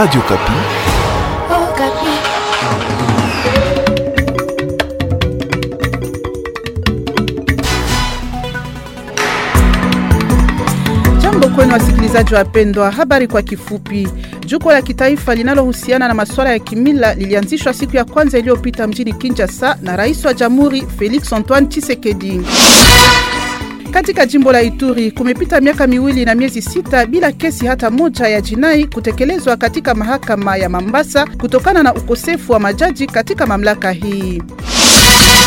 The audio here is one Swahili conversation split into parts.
Radio Kapi. Oh, Kapi. Jambo kwenu wasikilizaji wapendwa, habari kwa kifupi. Jukwaa la kitaifa linalohusiana na masuala ya kimila lilianzishwa siku ya kwanza iliyopita mjini Kinshasa na Rais wa Jamhuri Felix Antoine Tshisekedi. Katika jimbo la Ituri kumepita miaka miwili na miezi sita bila kesi hata moja ya jinai kutekelezwa katika mahakama ya Mambasa kutokana na ukosefu wa majaji katika mamlaka hii.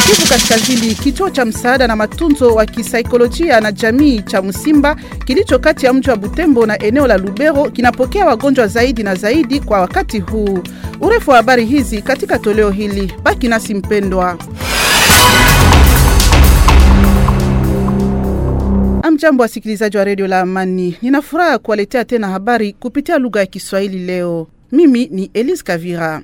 Kivu Kaskazini, kituo cha msaada na matunzo wa kisaikolojia na jamii cha Msimba kilicho kati ya mji wa Butembo na eneo la Lubero kinapokea wagonjwa zaidi na zaidi kwa wakati huu. Urefu wa habari hizi katika toleo hili, baki nasi mpendwa. Amjambo, wasikilizaji wa redio la Amani, nina furaha kuwaletea tena habari kupitia lugha ya Kiswahili leo. Mimi ni Elise Kavira.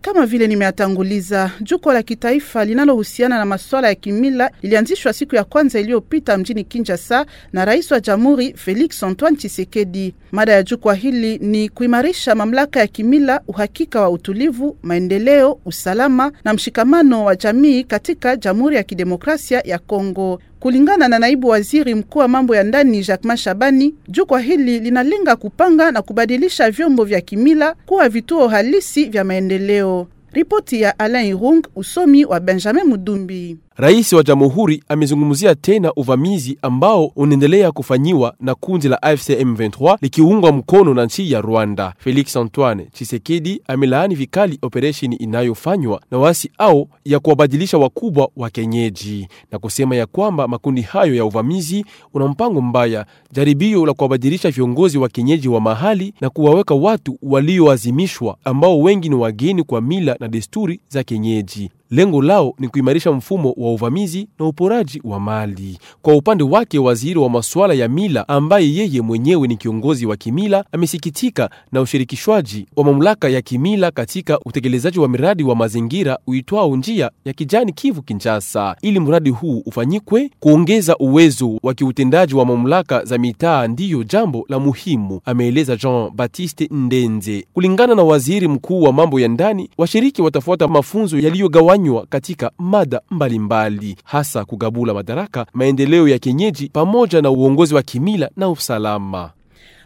Kama vile nimeatanguliza, jukwa la kitaifa linalohusiana na masuala ya kimila lilianzishwa siku ya kwanza iliyopita mjini Kinshasa na rais wa jamhuri Felix Antoine Tshisekedi. Mada ya jukwaa hili ni kuimarisha mamlaka ya kimila, uhakika wa utulivu, maendeleo, usalama na mshikamano wa jamii katika Jamhuri ya Kidemokrasia ya Kongo. Kulingana na naibu waziri mkuu wa mambo ya ndani Jacquemain Shabani, jukwaa hili linalenga kupanga na kubadilisha vyombo vya kimila kuwa vituo halisi vya maendeleo. Ripoti ya Alain Irung, usomi wa Benjamin Mudumbi. Rais wa jamhuri amezungumzia tena uvamizi ambao unaendelea kufanyiwa na kundi la AFC M23 likiungwa mkono na nchi ya Rwanda. Felix Antoine chisekedi amelaani vikali operesheni inayofanywa na wasi au ya kuwabadilisha wakubwa wa kenyeji na kusema ya kwamba makundi hayo ya uvamizi una mpango mbaya, jaribio la kuwabadilisha viongozi wa kenyeji wa mahali na kuwaweka watu walioazimishwa ambao wengi ni wageni kwa mila na desturi za kenyeji lengo lao ni kuimarisha mfumo wa uvamizi na uporaji wa mali. Kwa upande wake, waziri wa masuala ya mila ambaye yeye mwenyewe ni kiongozi wa kimila amesikitika na ushirikishwaji wa mamlaka ya kimila katika utekelezaji wa miradi wa mazingira uitwao njia ya kijani Kivu Kinshasa, ili mradi huu ufanyikwe. Kuongeza uwezo wa kiutendaji wa mamlaka za mitaa ndiyo jambo la muhimu, ameeleza Jean Baptiste Ndenze. Kulingana na waziri mkuu wa mambo ya ndani, washiriki watafuata mafunzo yaliyogawa kufanywa katika mada mbalimbali mbali, hasa kugabula madaraka, maendeleo ya kienyeji, pamoja na uongozi wa kimila na usalama.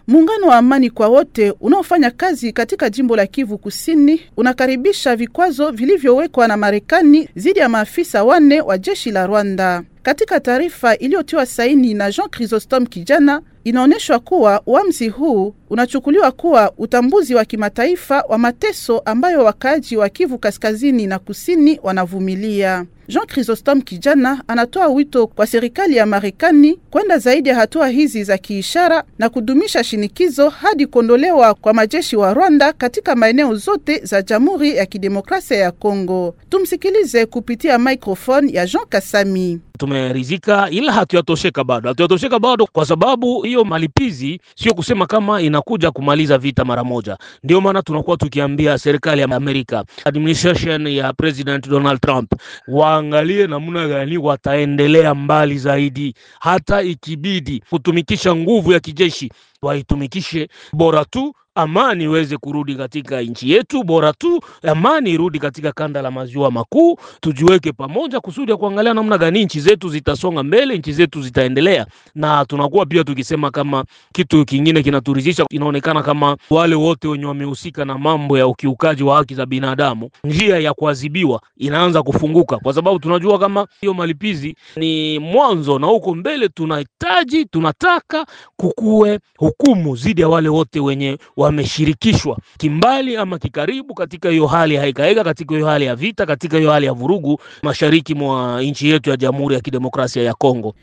Muungano wa Amani kwa Wote unaofanya kazi katika jimbo la Kivu Kusini unakaribisha vikwazo vilivyowekwa na Marekani dhidi ya maafisa wanne wa jeshi la Rwanda. Katika taarifa iliyotiwa saini na Jean Chrysostome Kijana, inaonyeshwa kuwa uamuzi huu unachukuliwa kuwa utambuzi wa kimataifa wa mateso ambayo wakaaji wa Kivu Kaskazini na Kusini wanavumilia. Jean Chrysostome kijana anatoa wito kwa serikali ya Marekani kwenda zaidi ya hatua hizi za kiishara na kudumisha shinikizo hadi kuondolewa kwa majeshi wa Rwanda katika maeneo zote za Jamhuri ya Kidemokrasia ya Kongo. Tumsikilize kupitia microphone ya Jean Kasami. Tumerizika ila hatuyatosheka bado, hatuyatosheka bado, kwa sababu hiyo malipizi sio kusema kama inakuja kumaliza vita mara moja. Ndio maana tunakuwa tukiambia serikali ya Amerika, administration ya President Donald Trump wa waangalie namna gani wataendelea mbali zaidi, hata ikibidi kutumikisha nguvu ya kijeshi waitumikishe bora tu amani iweze kurudi katika nchi yetu, bora tu amani irudi katika kanda la maziwa makuu, tujiweke pamoja kusudi ya kuangalia namna gani nchi zetu zitasonga mbele, nchi zetu zitaendelea. Na tunakuwa pia tukisema kama kitu kingine kinaturizisha, inaonekana kama wale wote wenye wamehusika na mambo ya ukiukaji wa haki za binadamu, njia ya kuadhibiwa inaanza kufunguka, kwa sababu tunajua kama hiyo malipizi ni mwanzo, na huko mbele tunahitaji tunataka kukuwe hukumu dhidi ya wale wote wenye wameshirikishwa kimbali ama kikaribu katika hiyo hali ya hekaheka, katika hiyo hali ya vita, katika hiyo hali ya vurugu mashariki mwa nchi yetu ya Jamhuri ya Kidemokrasia ya Kongo.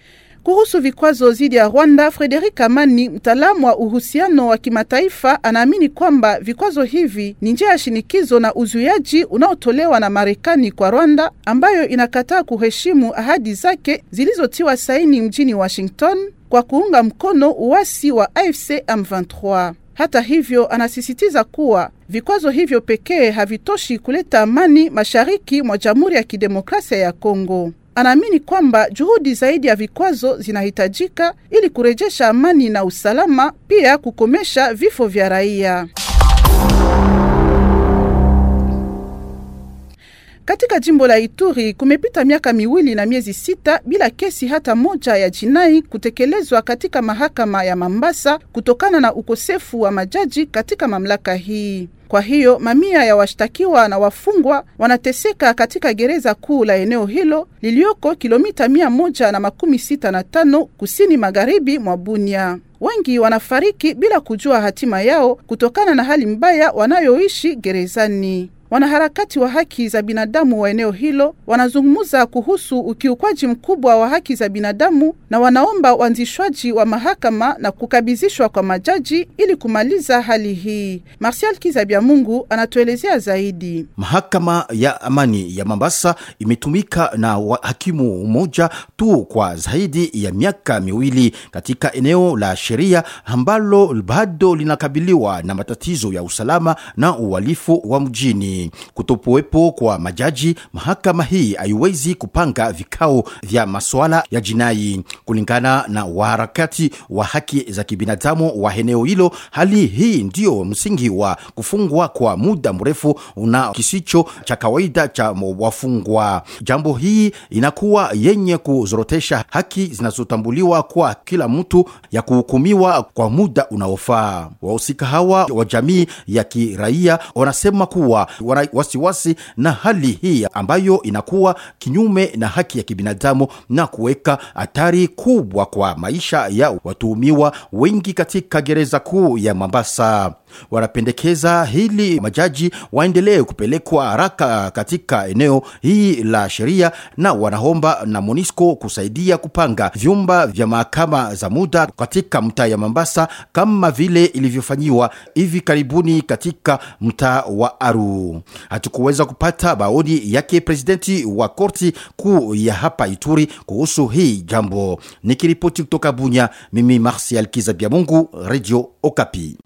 Kuhusu vikwazo dhidi ya Rwanda, Frederik Amani, mtaalamu wa uhusiano wa kimataifa, anaamini kwamba vikwazo hivi ni njia ya shinikizo na uzuiaji unaotolewa na Marekani kwa Rwanda, ambayo inakataa kuheshimu ahadi zake zilizotiwa saini mjini Washington kwa kuunga mkono uasi wa AFC M23. Hata hivyo, anasisitiza kuwa vikwazo hivyo pekee havitoshi kuleta amani mashariki mwa Jamhuri ya Kidemokrasia ya Kongo. Anaamini kwamba juhudi zaidi ya vikwazo zinahitajika ili kurejesha amani na usalama, pia kukomesha vifo vya raia. jimbo la Ituri kumepita miaka miwili na miezi sita bila kesi hata moja ya jinai kutekelezwa katika mahakama ya Mambasa kutokana na ukosefu wa majaji katika mamlaka hii. Kwa hiyo mamia ya washtakiwa na wafungwa wanateseka katika gereza kuu la eneo hilo liliyoko kilomita mia moja na makumi sita na tano kusini magharibi mwa Bunia. Wengi wanafariki bila kujua hatima yao kutokana na hali mbaya wanayoishi gerezani. Wanaharakati wa haki za binadamu wa eneo hilo wanazungumza kuhusu ukiukwaji mkubwa wa haki za binadamu na wanaomba uanzishwaji wa mahakama na kukabidhishwa kwa majaji ili kumaliza hali hii. Marsial Kizabia Mungu anatuelezea zaidi. Mahakama ya amani ya Mombasa imetumika na hakimu mmoja tu kwa zaidi ya miaka miwili katika eneo la sheria ambalo bado linakabiliwa na matatizo ya usalama na uhalifu wa mjini kutopuwepo kwa majaji, mahakama hii haiwezi kupanga vikao vya masuala ya jinai. Kulingana na waharakati wa haki za kibinadamu wa eneo hilo, hali hii ndio msingi wa kufungwa kwa muda mrefu na kisicho cha kawaida cha wafungwa. Jambo hii inakuwa yenye kuzorotesha haki zinazotambuliwa kwa kila mtu ya kuhukumiwa kwa muda unaofaa. Wahusika hawa wa jamii ya kiraia wanasema kuwa wasiwasi wasi na hali hii ambayo inakuwa kinyume na haki ya kibinadamu na kuweka hatari kubwa kwa maisha ya watuhumiwa wengi katika gereza kuu ya Mombasa. Wanapendekeza hili majaji waendelee kupelekwa haraka katika eneo hii la sheria, na wanaomba na Monisco kusaidia kupanga vyumba vya mahakama za muda katika mtaa ya Mambasa kama vile ilivyofanyiwa hivi karibuni katika mtaa wa Aru. Hatukuweza kupata maoni yake presidenti wa korti kuu ya hapa Ituri kuhusu hii jambo. Nikiripoti kutoka Bunya, mimi Marsial Kiza Bya Mungu, Radio Okapi.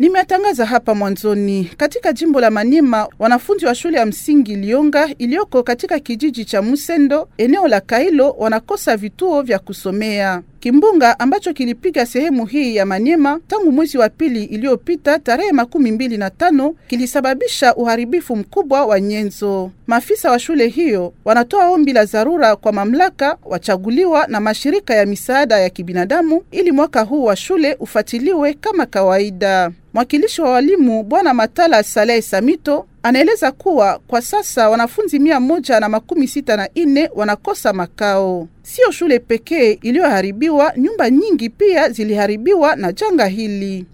Nimetangaza hapa mwanzoni. Katika jimbo la Maniema, wanafunzi wa shule ya msingi Lionga iliyoko katika kijiji cha Musendo eneo la Kailo wanakosa vituo vya kusomea. Kimbunga ambacho kilipiga sehemu hii ya Manyema tangu mwezi wa pili iliyopita tarehe makumi mbili na tano kilisababisha uharibifu mkubwa wa nyenzo. Maafisa wa shule hiyo wanatoa ombi la dharura kwa mamlaka wachaguliwa na mashirika ya misaada ya kibinadamu ili mwaka huu wa shule ufuatiliwe kama kawaida. Mwakilishi wa walimu Bwana Matala Saleh Samito Anaeleza kuwa kwa sasa wanafunzi mia moja na makumi sita na nne wanakosa makao. Sio shule pekee iliyoharibiwa, nyumba nyingi pia ziliharibiwa na janga hili.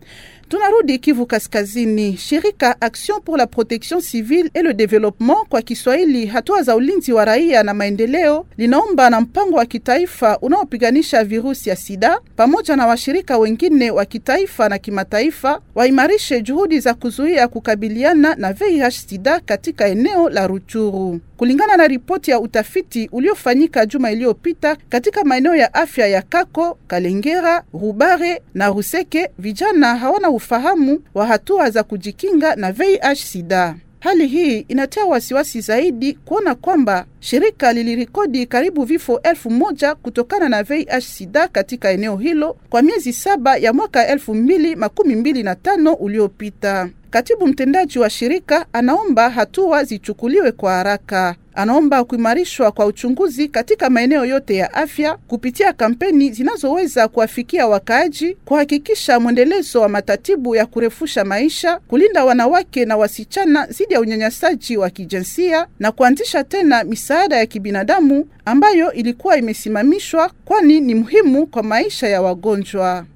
Tunarudi Kivu Kaskazini. Shirika Action pour la Protection Civile et le Development, kwa Kiswahili hatua za ulinzi wa raia na maendeleo, linaomba na mpango wa kitaifa unaopiganisha virusi ya sida pamoja na washirika wengine wa kitaifa na kimataifa waimarishe juhudi za kuzuia kukabiliana na VIH sida katika eneo la Ruchuru. Kulingana na ripoti ya utafiti uliofanyika juma iliyopita katika maeneo ya afya ya Kako, Kalengera, Rubare na Ruseke, vijana hawana ufahamu wa hatua za kujikinga na VIH sida. Hali hii inatia wasiwasi zaidi kuona kwamba shirika lilirekodi karibu vifo elfu moja kutokana na VIH sida katika eneo hilo kwa miezi saba ya mwaka elfu mbili makumi mbili na tano uliopita. Katibu mtendaji wa shirika anaomba hatua zichukuliwe kwa haraka anaomba kuimarishwa kwa uchunguzi katika maeneo yote ya afya kupitia kampeni zinazoweza kuwafikia wakaaji, kuhakikisha mwendelezo wa matatibu ya kurefusha maisha, kulinda wanawake na wasichana dhidi ya unyanyasaji wa kijinsia na kuanzisha tena misaada ya kibinadamu ambayo ilikuwa imesimamishwa, kwani ni muhimu kwa maisha ya wagonjwa.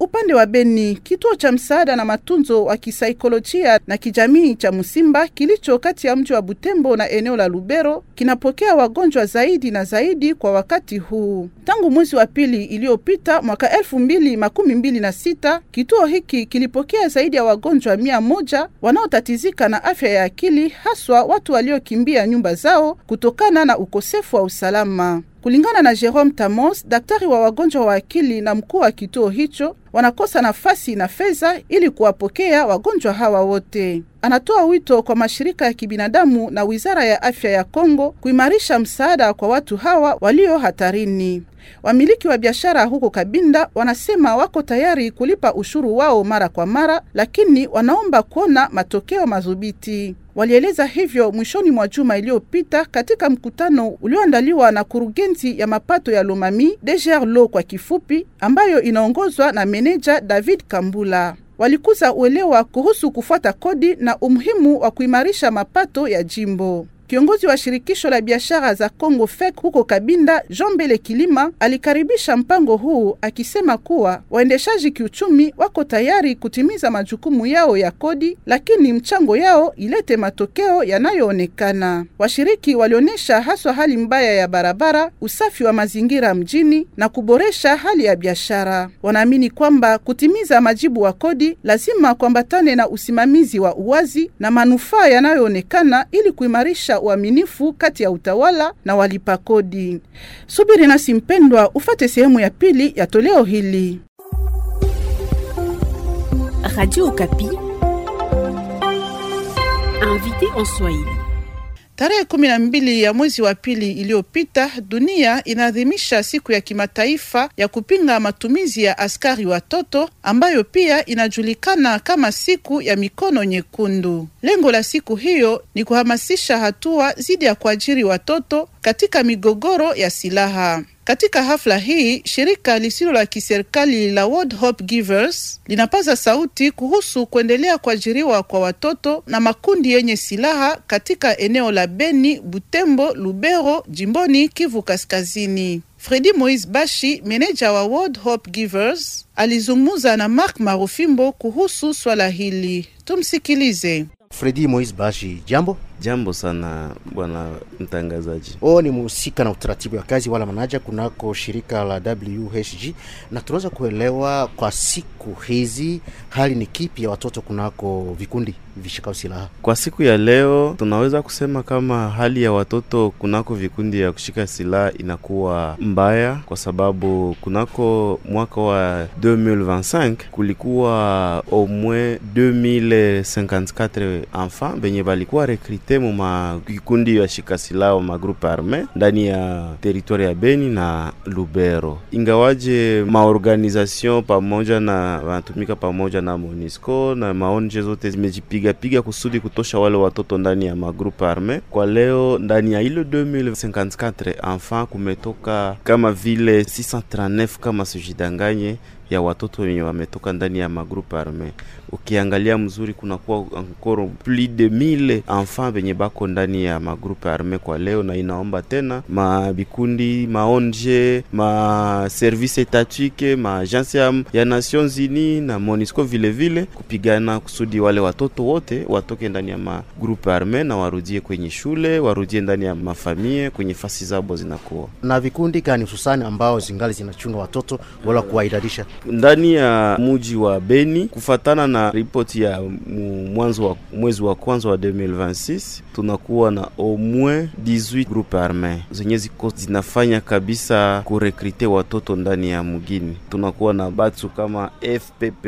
Upande wa Beni, kituo cha msaada na matunzo wa kisaikolojia na kijamii cha Musimba kilicho kati ya mji wa Butembo na eneo la Lubero kinapokea wagonjwa zaidi na zaidi kwa wakati huu. Tangu mwezi wa pili iliyopita mwaka elfu mbili makumi mbili na sita, kituo hiki kilipokea zaidi ya wagonjwa mia moja wanaotatizika na afya ya akili, haswa watu waliokimbia nyumba zao kutokana na ukosefu wa usalama. Kulingana na Jerome Tamos, daktari wa wagonjwa wa akili na mkuu wa kituo hicho, wanakosa nafasi na fedha ili kuwapokea wagonjwa hawa wote. Anatoa wito kwa mashirika ya kibinadamu na Wizara ya Afya ya Kongo kuimarisha msaada kwa watu hawa walio hatarini. Wamiliki wa biashara huko Kabinda wanasema wako tayari kulipa ushuru wao mara kwa mara, lakini wanaomba kuona matokeo madhubiti Walieleza hivyo mwishoni mwa juma iliyopita katika mkutano ulioandaliwa na kurugenzi ya mapato ya Lomami lo kwa kifupi, ambayo inaongozwa na meneja David Kambula. Walikuza uelewa kuhusu kufuata kodi na umuhimu wa kuimarisha mapato ya jimbo. Kiongozi wa shirikisho la biashara za congo FEC huko Kabinda, Jean Mbele Kilima, alikaribisha mpango huu akisema kuwa waendeshaji kiuchumi wako tayari kutimiza majukumu yao ya kodi, lakini mchango yao ilete matokeo yanayoonekana. Washiriki walionyesha haswa hali mbaya ya barabara, usafi wa mazingira mjini na kuboresha hali ya biashara. Wanaamini kwamba kutimiza majibu wa kodi lazima kuambatane na usimamizi wa uwazi na manufaa yanayoonekana ili kuimarisha kuimarisha uaminifu kati ya utawala na walipa kodi. Subiri nasi mpendwa, ufate sehemu ya pili ya toleo hili. Radio Okapi, invité en Swahili. Tarehe kumi na mbili ya mwezi wa pili iliyopita, dunia inaadhimisha siku ya kimataifa ya kupinga matumizi ya askari watoto ambayo pia inajulikana kama siku ya mikono nyekundu. Lengo la siku hiyo ni kuhamasisha hatua dhidi ya kuajiri watoto katika migogoro ya silaha. Katika hafla hii shirika lisilo la kiserikali la World Hope Givers linapaza sauti kuhusu kuendelea kuajiriwa kwa watoto na makundi yenye silaha katika eneo la Beni, Butembo, Lubero, jimboni Kivu Kaskazini. Fredi Moise Bashi, meneja wa World Hope Givers, alizungumza na Mark Marufimbo kuhusu swala hili. Tumsikilize. Fredi Moise Bashi, jambo. Jambo sana bwana mtangazaji. O ni muhusika na utaratibu wa kazi wala manaja kunako shirika la WHG, na tunaweza kuelewa kwa siku hizi hali ni kipi ya watoto kunako vikundi vishikao silaha? Kwa siku ya leo tunaweza kusema kama hali ya watoto kunako vikundi ya kushika silaha inakuwa mbaya, kwa sababu kunako mwaka wa 2025 kulikuwa au moins 2054 enfants benye balikuwa systemu ma kikundi ya shika silaha ma groupe arme ndani ya teritware ya Beni na Lubero, ingawaje maorganization pamoja na wanatumika pamoja na Monisco na maonje zote zimejipiga piga kusudi kutosha wale watoto ndani ya magrupe arme. Kwa leo ndani ya ile 2054 enfant kumetoka kama vile 639 kama sujidanganye ya watoto wenye wametoka ndani ya magrupe arme ukiangalia mzuri kunakuwa ankoro plus de mille enfants venye bako ndani ya magrupe arme kwa leo, na inaomba tena mabikundi maonje ma service etatike ma agence ya, ya Nations Unies na Monisco vilevile vile, kupigana kusudi wale watoto wote watoke ndani ya magrupe arme na warudie kwenye shule, warudie ndani ya mafamie kwenye fasi zabo zinakuwa na vikundi gani hususani ambao zingali zinachunga watoto wala kuwaidadisha ndani ya muji wa Beni kufatana na na ripoti ya mwanzo wa mwezi wa kwanza wa 2026 tunakuwa na au moins 18 groupe arme zenye ziko zinafanya kabisa kurekrite watoto ndani ya mugini. Tunakuwa na batu kama FPP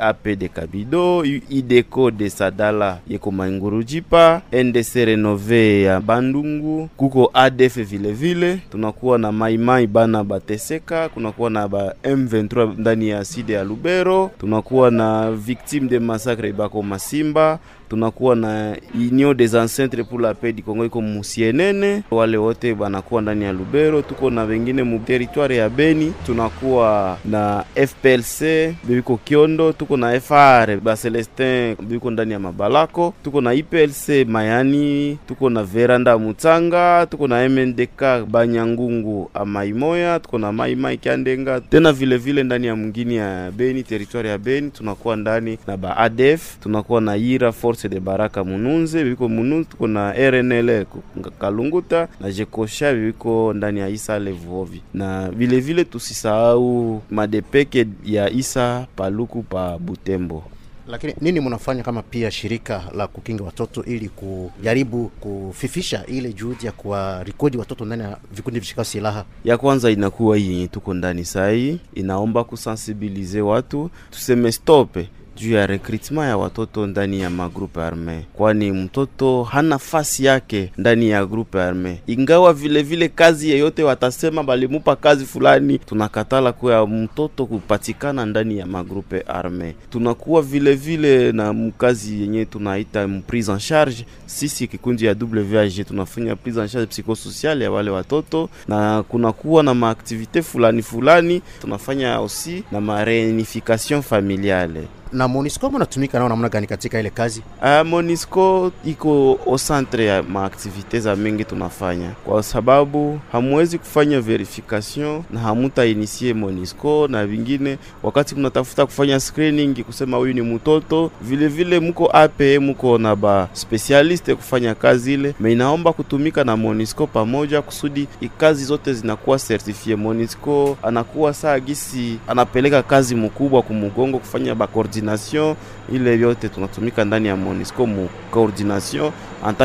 AP de Kabido, IDECO de Sadala yeko Maingurujipa, NDC Renove ya Bandungu, kuko ADF vilevile vile. Tunakuwa na maimai bana bateseka, kunakuwa na ba M23 ndani ya side ya Lubero, tunakuwa na Victor victimes de massacres ibako masimba tunakuwa na Union des Ancêtres pour la Paix du Congo iko Musienene, wale wote banakuwa ndani ya Lubero, tuko na wengine mu territoire ya Beni, tunakuwa na FPLC biko Kiondo, tuko na FR ba Celestin biko ndani ya Mabalako, tuko na IPLC Mayani, tuko na Veranda Mutsanga, tuko na MNDK Banyangungu Amaimoya, tuko na Maimai Kandenga, tena vile vile ndani ya mngini ya Beni, territoire ya Beni tunakuwa ndani na ba ADF, tunakuwa na Ira Force force de Baraka Mununze viko Mununze, tuko na RNL Kalunguta na Jekosha viko ndani ya Isa Levovi, na vilevile tusisahau madepeke ya Isa Paluku pa Butembo. Lakini nini mnafanya kama pia shirika la kukinga watoto ili kujaribu kufifisha ile juhudi ya kuwarekodi watoto ndani ya vikundi vishikao silaha? Ya kwanza inakuwa hii yenye tuko ndani saa inaomba kusensibilize watu tuseme stope juu ya rekrutma ya watoto ndani ya magrupe arme, kwani mtoto hana fasi yake ndani ya grupe arme. Ingawa vilevile vile kazi yeyote watasema balimupa kazi fulani, tunakatala kuya mtoto kupatikana ndani ya magrupe arme. Tunakuwa vilevile vile na mkazi yenye tunaita prise en charge. Sisi kikundi ya WVAG tunafanya prise en charge psikosocial ya wale watoto, na kunakuwa na maaktivite fulani fulani tunafanya osi na marenification familiale na Monisco mnatumika nao namna gani katika ile kazi? Uh, Monisco iko au centre ya maaktivite za mingi tunafanya, kwa sababu hamuwezi kufanya verification na hamuta initier Monisco na vingine, wakati mnatafuta kufanya screening kusema huyu ni mtoto vilevile, muko ape muko na ba specialist kufanya kazi ile, naomba kutumika na Monisco pamoja kusudi kazi zote zinakuwa certifie. Monisco anakuwa saa gisi anapeleka kazi mkubwa kumugongo kufanya ba coordination ile yote tunatumika ndani ya Monisco mu coordination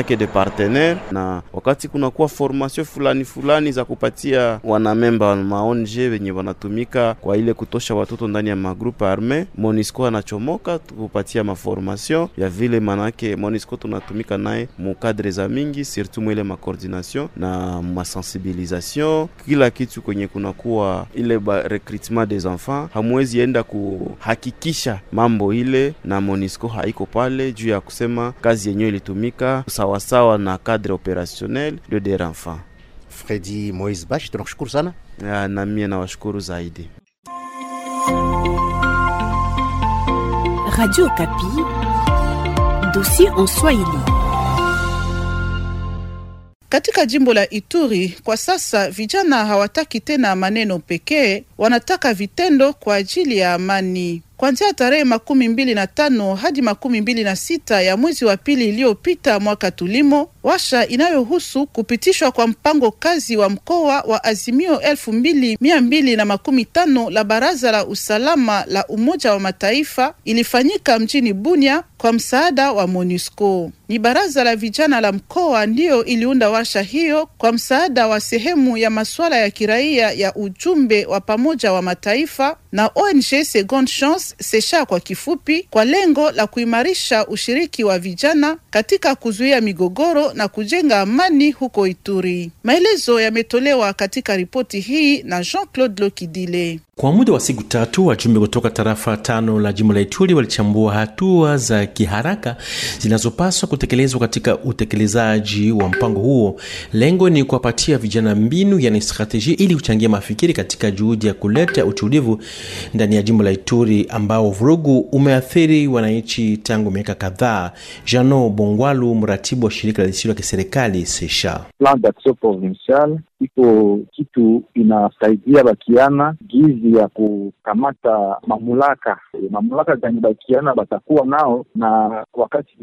que de partenaire, na wakati kunakuwa formation fulani fulani za kupatia wanamemba maonje wenye wanatumika kwa ile kutosha watoto ndani ya magroupe arme, Monisco anachomoka tukupatia maformation ya vile, manake Monisco tunatumika naye mukadre za mingi, surtout mwile coordination na masensibilisation, kila kitu kwenye kunakuwa ile recrutement des enfants, hamwezi enda kuhakikisha ma mambo ile, na Monisco haiko pale juu ya kusema kazi yenyewe ilitumika sawasawa na cadre operationnel le des renfants. Fredi Moise Bashi, tunakushukuru sana. Ya, na mie nawashukuru zaidi. Radio Kapi, dossier en Swahili. Katika jimbo la Ituri kwa sasa vijana hawataki tena maneno pekee, wanataka vitendo kwa ajili ya amani kuanzia tarehe makumi mbili na tano hadi makumi mbili na sita ya mwezi wa pili iliyopita mwaka tulimo, washa inayohusu kupitishwa kwa mpango kazi wa mkoa wa azimio elfu mbili mia mbili na makumi tano la Baraza la Usalama la Umoja wa Mataifa ilifanyika mjini Bunia kwa msaada wa MONUSCO. Ni baraza la vijana la mkoa ndiyo iliunda washa hiyo kwa msaada wa sehemu ya masuala ya kiraia ya ujumbe wa pamoja wa mataifa na ONG Second Chance Sesha kwa kifupi, kwa lengo la kuimarisha ushiriki wa vijana katika kuzuia migogoro na kujenga amani huko Ituri. Maelezo yametolewa katika ripoti hii na Jean-Claude Lokidile. Kwa muda wa siku tatu wajumbe kutoka tarafa tano la jimbo la Ituri walichambua hatua za kiharaka zinazopaswa kutekelezwa katika utekelezaji wa mpango huo. Lengo ni kuwapatia vijana mbinu, yani strateji, ili kuchangia mafikiri katika juhudi ya kuleta utulivu ndani ya jimbo la Ituri ambao vurugu umeathiri wananchi tangu miaka kadhaa. Jano Bongwalu, mratibu wa shirika la lisilo la kiserikali Sesha iko kitu inasaidia bakiana gizi ya kukamata mamulaka e, mamulaka gani bakiana batakuwa nao, na wakati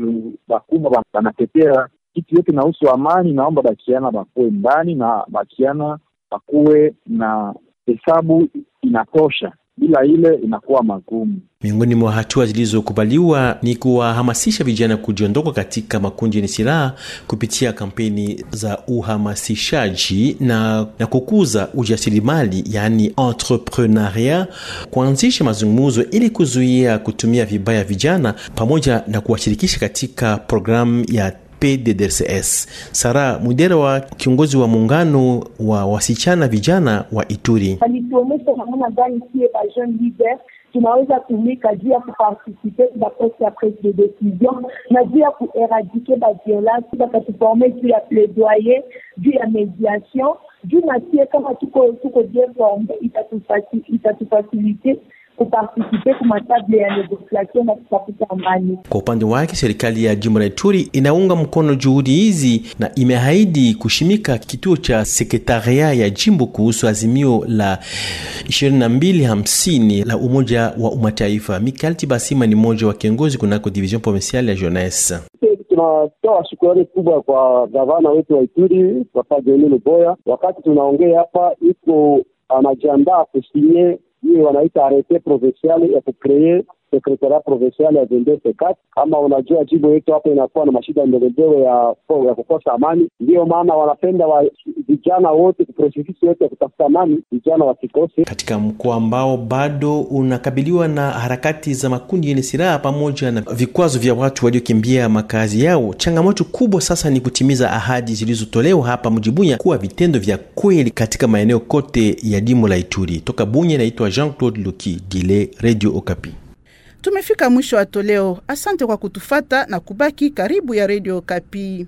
bakuma banatetea kitu yote inahusu amani, naomba bakiana bakuwe ndani na bakiana bakuwe na hesabu inatosha bila ile inakuwa magumu. Miongoni mwa hatua zilizokubaliwa ni kuwahamasisha vijana kujiondoka katika makundi yenye silaha kupitia kampeni za uhamasishaji na, na kukuza ujasirimali yaani entrepreneuria, kuanzisha mazungumzo ili kuzuia kutumia vibaya vijana pamoja na kuwashirikisha katika programu ya PDDRCS. Sara wa kiongozi wa muungano wa wasichana vijana wa Ituri: alituonyesha namna gani sie ba jeune leader tunaweza tumika juu ya kuparticipe ba poste ya prise de decision na juu ya kueradike ba violence, bakatuforme juu ya plaidoyer, juu ya mediation, juu na sie kama tuko tuko bien formé itatufasilite kwa upande wake, serikali ya jimbo la Ituri inaunga mkono juhudi hizi na imeahidi kushimika kituo cha sekretaria ya jimbo kuhusu azimio la 2250 la Umoja wa Umataifa. Mikael Tibasima ni mmoja wa kiongozi kunako division provinciale ya jeunesse. Tunatoa shukurani kubwa kwa gavana wetu wa Ituri Papa Joini Luboya, wakati tunaongea hapa iko anajiandaa kusinye hiyo wanaita arete provinciale ya kucree sekretaria provincial ya Zendeseka. Kama unajua jimbo yetu hapa inakuwa na mashida ndogo ya ya kukosa amani, ndiyo maana wanapenda wa vijana wote kuprosesisi yote ya kutafuta amani, vijana wasikose. Katika mkoa ambao bado unakabiliwa na harakati za makundi yenye silaha pamoja na vikwazo vya watu waliokimbia makazi yao, changamoto kubwa sasa ni kutimiza ahadi zilizotolewa hapa mjibunya kuwa vitendo vya kweli katika maeneo kote ya jimbo la Ituri. Toka bunye naitwa Jean Claude Luki Dile, Radio Okapi. Tumefika mwisho wa toleo. Asante kwa kutufata na kubaki karibu ya Radio Kapi.